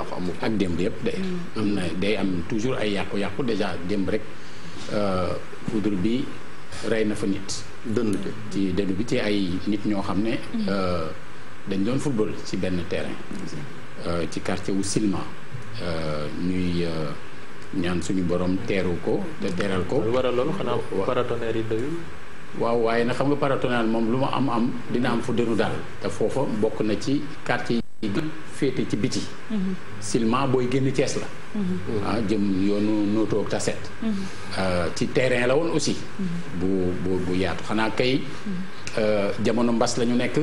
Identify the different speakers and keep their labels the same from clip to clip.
Speaker 1: yàqu amu ak démb yëpp day mm. am na day am toujours ay yàqu-yàqu déjà démb rek foudre euh, bi rey na fa nit dënn bi ci dënn bi ci ay nit ñoo xam ne mm. euh, dañ doon football ci benn terrain euh, ci quartier wu Silma ñuy ñaan suñu borom teeru ko te teeral ko waral loolu xanaa paratonnerre yi doyul waaw waaye na xam nga paratonal moom lu ma am am dina am fu dënu daal te foofa bokk na ci quartier yi féete ci biti mhm. silma booy génn Thiès la mhm. ah jëm yoonu nootoo taset mhm. ah, ci terrain la woon aussi bu bu bu yaatu xanaa kay ah, jamono mbas lañu nekk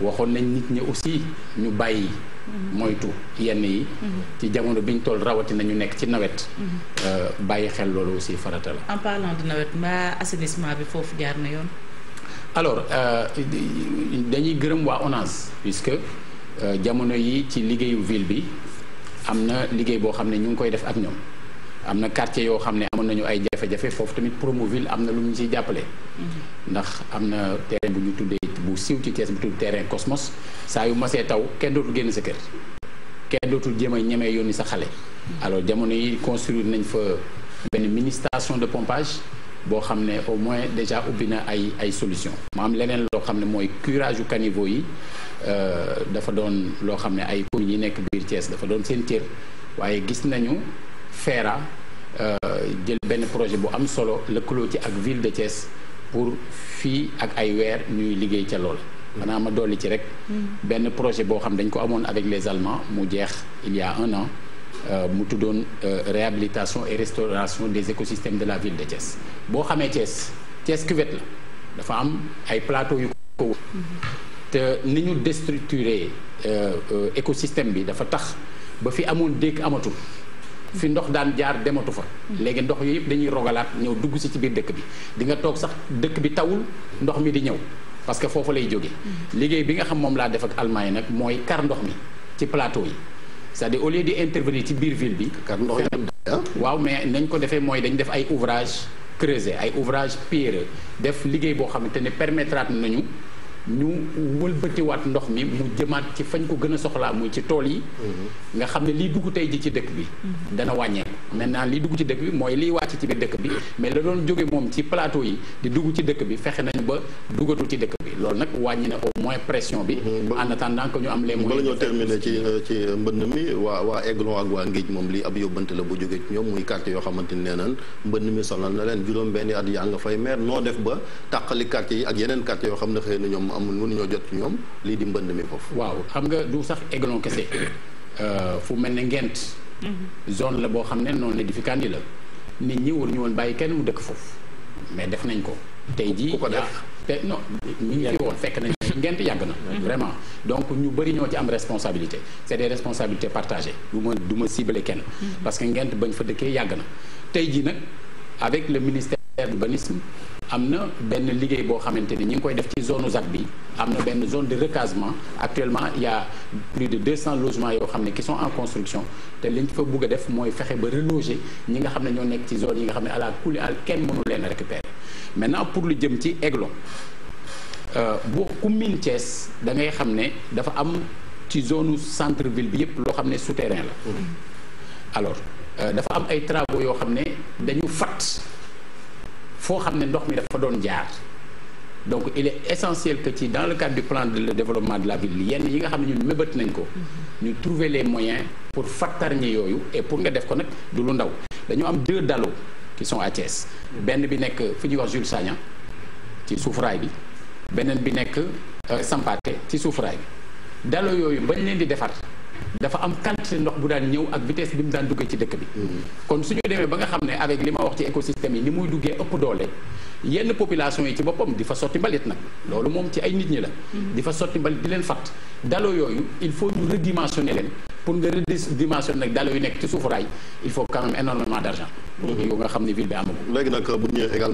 Speaker 1: waxoon nañ nit ñi aussi ñu bàyyi moytu ci yenn yi ci jamono bi ñu toll rawati nañu nekk ci nawet euh, bàyyi xel loolu aussi farata la en parlant de nawet mbaa assainissement bi foofu jaar na yoon alors euh, dañuy gërëm waa ONAS puisque euh, jamono yi ci liggéeyu ville bi am na liggéey boo xam ne ñu ngi koy def ak ñoom amna quartier yo xamné ne amoon nañu ay jafé jafé fofu tamit Promoville am na lu ñu ciy mhm. ndax amna terrain bu ñu tuddee bu siiw ci Thiès bu tudd terrain Cosmos saa yu masee taw kenn dootul génn sa kër kenn dootul jéem a yoni sa xalé mhm. alors jamono yi construire nañ fa benn mini station de pompage bo xamné au moins déjà ubina ay ay solution mu am leneen loo xam ne curage yu caniveau yi euh dafa doon lo xamné ay communes yi nekk biir tiès dafa doon sen cër waye gis nañu. FERA euh, jël ben projet bo am solo lëkkaloo ci ak ville de Thiès pour fi ak ay weer ñuy liggéey ci lool xanaa ma doli ci rek ben projet bo xam dañ ko amone avec les Allemands mu jeex il y a un an euh, mu tuddoon euh, réhabilitation et restauration des écosystèmes de la ville de Thiès bo xamé Thiès Thiès cuvette la dafa am ay plateau yu ko wër mm-hmm. te ni ñu euh, euh, écosystème bi dafa tax ba fi amone dék amatu fi ndox daan jaar dematu fa léegi ndox yooyu yëpp dañuy rogalaat ñëw dugg si ci biir dëkk bi di nga toog sax dëkk bi tawul ndox mi di ñëw parce que foofu lay jóge mm-hmm. liggéey bi nga xam moom laa def ak Allemagne nag mooy kar ndox mi ci plateau yi c'est-à-dire au lieu di intervenir ci biir ville bi ah. waaw mais nañ ko defee mooy dañ def ay ouvrage creusé ay ouvrage pierreux def liggéey boo xamante ne permettraat nañu ñu wëlbatiwaat ndox mi mu jëmaat ci fañ ko gën a soxlaa muy ci tool yi mhm. nga xam ne liy dugg tey ji ci dëkk bi mhm. dana wàññeeku maintenant lii dugg ci dëkk bi mooy liy wàcc ci dëkk bi mais la moom ci yi di dugg ci dëkk bi fexe nañu ba dugatul ci dëkk bi loolu nag wàññi na au moins pression bi mhm. en attendant ñu am les moyens bala ñoo ci euh, euh, mbënn mi waa waa Aiglon ak waa Ngéej moom lii ab yóbbante la bu jógee ci ñoom muy quartier yoo xamante ni nee naan mbënn mi sonal na leen juróom benn at yaa nga fay maire noo def ba tàqali amul mënuñoo jot ñom li di mbënd mi fofu waaw xam nga du sax euh, mhm. zone la non, la nit ñi ñu kenn mais def nañ ko. non nañ mhm. vraiment donc ñu bari ñoo responsabilité C'est des responsabilités partagées mhm. parce que ngent bañ fa de avec le ministère de l'urbanisme amna ben benn bo xamanteni ñing koy def ci zone ZAC bi am zone de recasement actuellement il y a plus de 200 logements yo xamné qui sont en construction te liñ fa bëgg def moy fexé ba reloger ñi nga xam ñoo nekk ci zone yi nga xamné ala kulli al kenn mënu leen récupérer maintenant pour lu jëm ci églo euh bu miin Thiès da ngay xamné dafa am ci zone centre ville bi yépp lo xamné souterrain la mm-hmm. alors euh, dafa am ay travaux yo xamné dañu fat foo xam ne ndox mi dafa doon jaar donc il est essentiel que ci dans le cadre du plan de développement de la ville yenn yi nga xam ne ñun mébét nañ ko ñu trouver les moyens pour fattarñe yooyu et pour nga def ko nag du lu ndaw dañoo am deux dallo qui sont à Thiès benn bi nekk fu ñuy wax Jules Sagnan ci suufraay bi beneen bi nekk euh, Sampaate ci suufraay bi dallo bañ leen di defar dafa am quantité ndox bu daan ñëw ak vitesse bi mu daan duggé ci dëkk bi. kon suñu démé ba nga xamné avec lima wax ci écosystème yi ni muy duggé ëpp doolé yenn population yi ci boppam di fa sotti mbalit nag loolu mom ci ay nit ñi la. di fa sotti mbalit di leen fat daloo yoyu il faut ñu redimensionner leen. pour nga redimensionner nak daal yu nekk ci suufu il faut quand même énormément d'argent. yu mm-hmm. nga xamné ne ville bi amagu léegi nak bu ñu également.